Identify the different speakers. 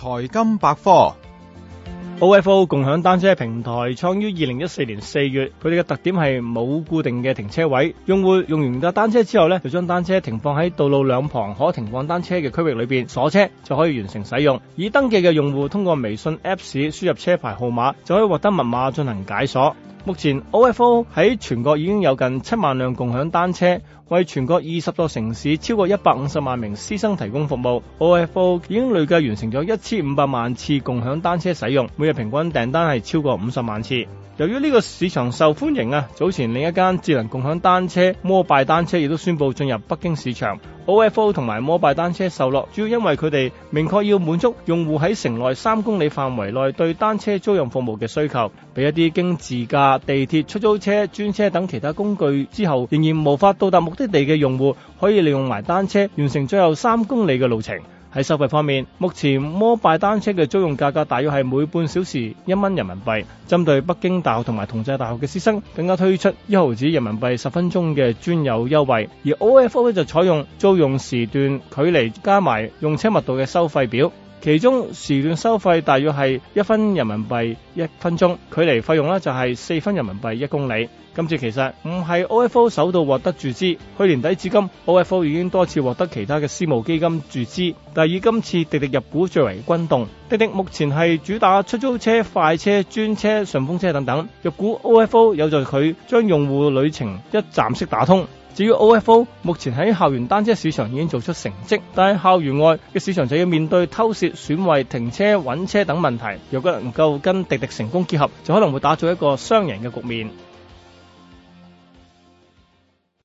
Speaker 1: 財金百科，OFO 共享單車平台創於二零一四年四月，佢哋嘅特點係冇固定嘅停車位，用戶用完架單車之後咧，就將單車停放喺道路兩旁可停放單車嘅區域裏邊鎖車，就可以完成使用。已登記嘅用戶通過微信 Apps 輸入車牌號碼，就可以獲得密碼進行解鎖。目前 OFO 喺全國已經有近七萬輛共享單車，為全國二十座城市超過一百五十萬名師生提供服務。OFO 已經累計完成咗一千五百萬次共享單車使用，每日平均訂單係超過五十萬次。由於呢個市場受歡迎啊，早前另一間智能共享單車摩拜單車亦都宣布進入北京市場。OFO 同埋摩拜單車受落，主要因為佢哋明確要滿足用戶喺城內三公里範圍內對單車租用服務嘅需求，俾一啲經自駕、地鐵、出租車、專車等其他工具之後仍然無法到達目的地嘅用戶，可以利用埋單車完成最後三公里嘅路程。喺收費方面，目前摩拜單車嘅租用價格大約係每半小時一蚊人民幣。針對北京大學同埋同濟大學嘅師生，更加推出一毫紙人民幣十分鐘嘅專有優惠。而 OFO 呢就採用租用時段、距離加埋用車密度嘅收費表。其中時段收費大約係一分人民幣一分鐘，距離費用呢就係四分人民幣一公里。今次其實唔係 OFO 首度獲得注資，去年底至今 OFO 已經多次獲得其他嘅私募基金注資，但以今次滴滴入股最為轟動。滴滴目前係主打出租車、快車、專車、順風車等等，入股 OFO 有助佢將用戶旅程一站式打通。至於 OFO，目前喺校園單車市場已經做出成績。但喺校園外嘅市場就要面對偷竊、損壞、停車、揾車等問題。若果能夠跟滴滴成功結合，就可能會打造一個雙贏嘅局面。